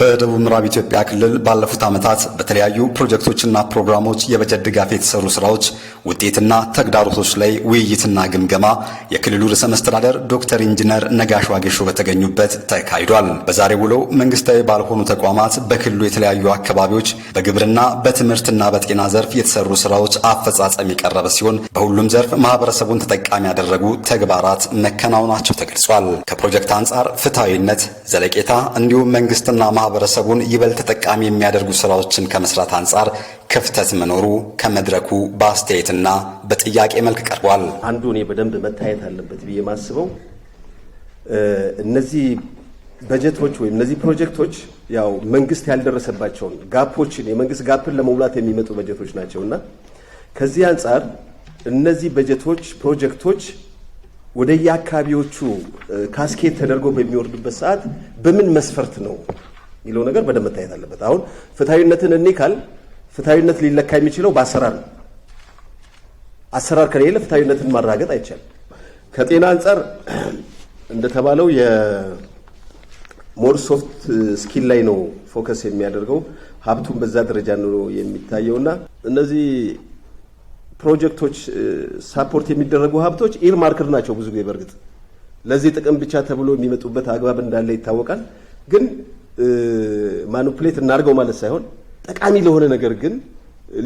በደቡብ ምዕራብ ኢትዮጵያ ክልል ባለፉት ዓመታት በተለያዩ ፕሮጀክቶችና ፕሮግራሞች የበጀት ድጋፍ የተሰሩ ስራዎች ውጤትና ተግዳሮቶች ላይ ውይይትና ግምገማ የክልሉ ርዕሰ መስተዳደር ዶክተር ኢንጂነር ነጋሽ ዋጌሾ በተገኙበት ተካሂዷል። በዛሬ ውለው መንግስታዊ ባልሆኑ ተቋማት በክልሉ የተለያዩ አካባቢዎች በግብርና በትምህርትና በጤና ዘርፍ የተሰሩ ስራዎች አፈጻጸም የቀረበ ሲሆን በሁሉም ዘርፍ ማህበረሰቡን ተጠቃሚ ያደረጉ ተግባራት መከናወናቸው ተገልጿል። ከፕሮጀክት አንጻር ፍትሐዊነት፣ ዘለቄታ እንዲሁም መንግስትና ማህበረሰቡን ይበልጥ ተጠቃሚ የሚያደርጉ ስራዎችን ከመስራት አንጻር ክፍተት መኖሩ ከመድረኩ በአስተያየትና በጥያቄ መልክ ቀርቧል። አንዱ እኔ በደንብ መታየት አለበት ብዬ ማስበው እነዚህ በጀቶች ወይም እነዚህ ፕሮጀክቶች ያው መንግስት ያልደረሰባቸውን ጋፖችን የመንግስት ጋፕን ለመሙላት የሚመጡ በጀቶች ናቸው እና ከዚህ አንጻር እነዚህ በጀቶች ፕሮጀክቶች ወደየአካባቢዎቹ ካስኬት ተደርጎ በሚወርዱበት ሰዓት በምን መስፈርት ነው የሚለው ነገር በደንብ መታየት አለበት። አሁን ፍትሐዊነትን እኔ ካል ፍትሐዊነት ሊለካ የሚችለው በአሰራር ነው። አሰራር ከሌለ ፍትሐዊነትን ማራገጥ አይቻልም። ከጤና አንጻር እንደተባለው የሞር ሶፍት ስኪል ላይ ነው ፎከስ የሚያደርገው ሀብቱን በዛ ደረጃ ነው የሚታየው እና እነዚህ ፕሮጀክቶች ሳፖርት የሚደረጉ ሀብቶች ኢርማርክድ ናቸው ብዙ ጊዜ በእርግጥ ለዚህ ጥቅም ብቻ ተብሎ የሚመጡበት አግባብ እንዳለ ይታወቃል ግን ማኒፕሌት እናድርገው ማለት ሳይሆን ጠቃሚ ለሆነ ነገር ግን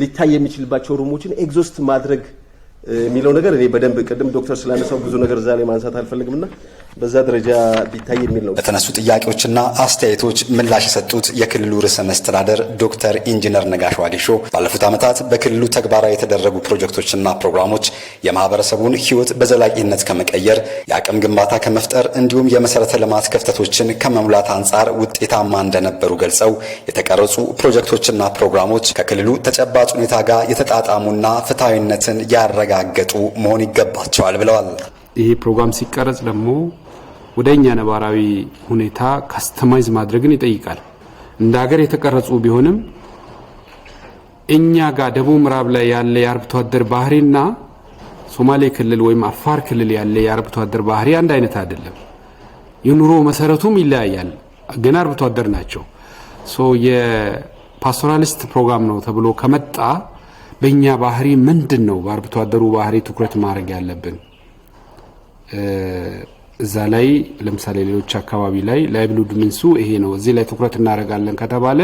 ሊታይ የሚችልባቸው ሩሞችን ኤግዞስት ማድረግ የሚለው ነገር እኔ በደንብ ቅድም ዶክተር ስላነሳው ብዙ ነገር እዛ ላይ ማንሳት አልፈልግምና በዛ ደረጃ ቢታይ የሚል ነው። ለተነሱ ጥያቄዎችና አስተያየቶች ምላሽ የሰጡት የክልሉ ርዕሰ መስተዳደር ዶክተር ኢንጂነር ነጋሽ ዋጌሾ ባለፉት ዓመታት በክልሉ ተግባራዊ የተደረጉ ፕሮጀክቶችና ፕሮግራሞች የማህበረሰቡን ህይወት በዘላቂነት ከመቀየር የአቅም ግንባታ ከመፍጠር እንዲሁም የመሰረተ ልማት ክፍተቶችን ከመሙላት አንጻር ውጤታማ እንደነበሩ ገልጸው የተቀረጹ ፕሮጀክቶችና ፕሮግራሞች ከክልሉ ተጨባጭ ሁኔታ ጋር የተጣጣሙና ፍትሐዊነትን ያረጋገጡ መሆን ይገባቸዋል ብለዋል። ይሄ ፕሮግራም ሲቀረጽ ደግሞ ወደ እኛ ነባራዊ ሁኔታ ካስተማይዝ ማድረግን ይጠይቃል። እንደ ሀገር የተቀረጹ ቢሆንም እኛ ጋር ደቡብ ምዕራብ ላይ ያለ የአርብቶ አደር ባህሪና ሶማሌ ክልል ወይም አፋር ክልል ያለ የአርብቶ አደር ባህሪ አንድ አይነት አይደለም። የኑሮ መሰረቱም ይለያያል። ግን አርብቶ አደር ናቸው። የፓስቶራሊስት ፕሮግራም ነው ተብሎ ከመጣ በእኛ ባህሪ ምንድን ነው በአርብቶ አደሩ ባህሪ ትኩረት ማድረግ ያለብን? እዛ ላይ ለምሳሌ ሌሎች አካባቢ ላይ ላይብሉድ ምንሱ ይሄ ነው፣ እዚህ ላይ ትኩረት እናደርጋለን ከተባለ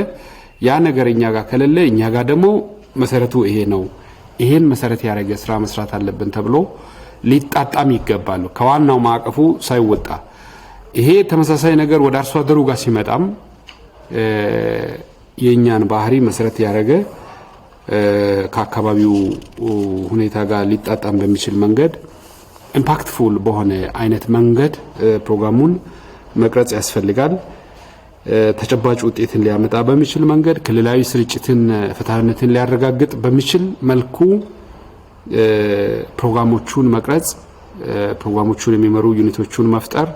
ያ ነገር እኛ ጋር ከሌለ እኛ ጋር ደግሞ መሰረቱ ይሄ ነው፣ ይሄን መሰረት ያደረገ ስራ መስራት አለብን ተብሎ ሊጣጣም ይገባሉ። ከዋናው ማዕቀፉ ሳይወጣ ይሄ ተመሳሳይ ነገር ወደ አርሶ አደሩ ጋር ሲመጣም የእኛን ባህሪ መሰረት ያደረገ ከአካባቢው ሁኔታ ጋር ሊጣጣም በሚችል መንገድ ኢምፓክትፉል በሆነ አይነት መንገድ ፕሮግራሙን መቅረጽ ያስፈልጋል። ተጨባጭ ውጤትን ሊያመጣ በሚችል መንገድ ክልላዊ ስርጭትን ፍትሐዊነትን ሊያረጋግጥ በሚችል መልኩ ፕሮግራሞቹን መቅረጽ፣ ፕሮግራሞቹን የሚመሩ ዩኒቶቹን መፍጠር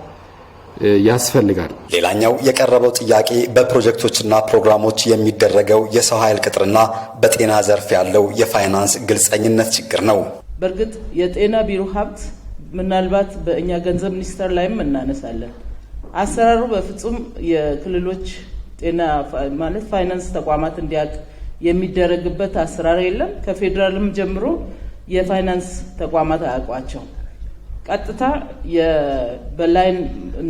ያስፈልጋል። ሌላኛው የቀረበው ጥያቄ በፕሮጀክቶችና ፕሮግራሞች የሚደረገው የሰው ኃይል ቅጥርና በጤና ዘርፍ ያለው የፋይናንስ ግልጸኝነት ችግር ነው። በእርግጥ የጤና ቢሮ ሀብት ምናልባት በእኛ ገንዘብ ሚኒስቴር ላይም እናነሳለን። አሰራሩ በፍጹም የክልሎች ጤና ማለት ፋይናንስ ተቋማት እንዲያውቅ የሚደረግበት አሰራር የለም። ከፌዴራልም ጀምሮ የፋይናንስ ተቋማት አያውቋቸው። ቀጥታ በላይን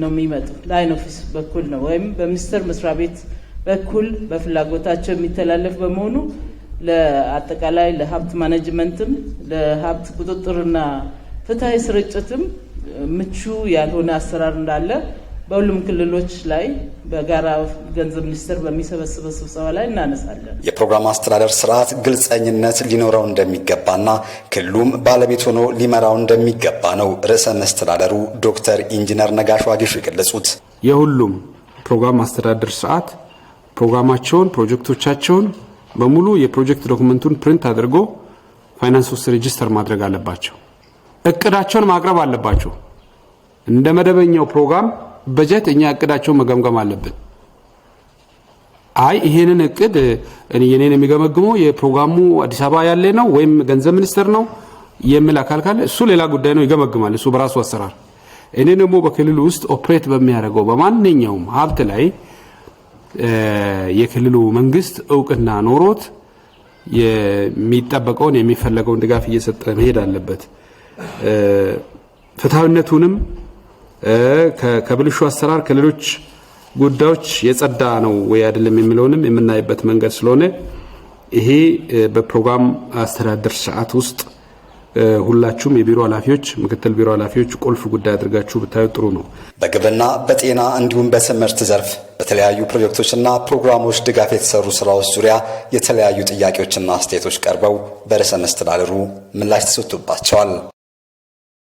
ነው የሚመጡ። ላይን ኦፊስ በኩል ነው ወይም በሚኒስቴር መስሪያ ቤት በኩል በፍላጎታቸው የሚተላለፍ በመሆኑ ለአጠቃላይ ለሀብት ማኔጅመንትም ለሀብት ቁጥጥርና ፍትሐዊ ስርጭትም ምቹ ያልሆነ አሰራር እንዳለ በሁሉም ክልሎች ላይ በጋራ ገንዘብ ሚኒስቴር በሚሰበስበ ስብሰባ ላይ እናነሳለን። የፕሮግራም አስተዳደር ስርዓት ግልጸኝነት ሊኖረው እንደሚገባና ክልሉም ባለቤት ሆኖ ሊመራው እንደሚገባ ነው ርዕሰ መስተዳደሩ ዶክተር ኢንጂነር ነጋሽ ዋጌሾ የገለጹት። የሁሉም ፕሮግራም አስተዳደር ስርዓት ፕሮግራማቸውን፣ ፕሮጀክቶቻቸውን በሙሉ የፕሮጀክት ዶክመንቱን ፕሪንት አድርጎ ፋይናንስ ውስጥ ሬጅስተር ማድረግ አለባቸው። እቅዳቸውን ማቅረብ አለባቸው። እንደ መደበኛው ፕሮግራም በጀት እኛ እቅዳቸውን መገምገም አለብን። አይ ይሄንን እቅድ የኔን የሚገመግመው የፕሮግራሙ አዲስ አበባ ያለ ነው ወይም ገንዘብ ሚኒስቴር ነው የሚል አካል ካለ እሱ ሌላ ጉዳይ ነው፣ ይገመግማል እሱ በራሱ አሰራር። እኔ ደግሞ በክልሉ ውስጥ ኦፕሬት በሚያደርገው በማንኛውም ሀብት ላይ የክልሉ መንግስት እውቅና ኖሮት የሚጠበቀውን የሚፈለገውን ድጋፍ እየሰጠ መሄድ አለበት። ፍትሐዊነቱንም ከብልሹ አሰራር ከሌሎች ጉዳዮች የጸዳ ነው ወይ አይደለም የሚለውንም የምናይበት መንገድ ስለሆነ ይሄ በፕሮግራም አስተዳደር ሰዓት ውስጥ ሁላችሁም የቢሮ ኃላፊዎች፣ ምክትል ቢሮ ኃላፊዎች ቁልፍ ጉዳይ አድርጋችሁ ብታዩ ጥሩ ነው። በግብርና በጤና እንዲሁም በትምህርት ዘርፍ በተለያዩ ፕሮጀክቶችና ፕሮግራሞች ድጋፍ የተሰሩ ስራዎች ዙሪያ የተለያዩ ጥያቄዎችና አስተያየቶች ቀርበው በርዕሰ መስተዳድሩ ምላሽ ተሰጥቶባቸዋል።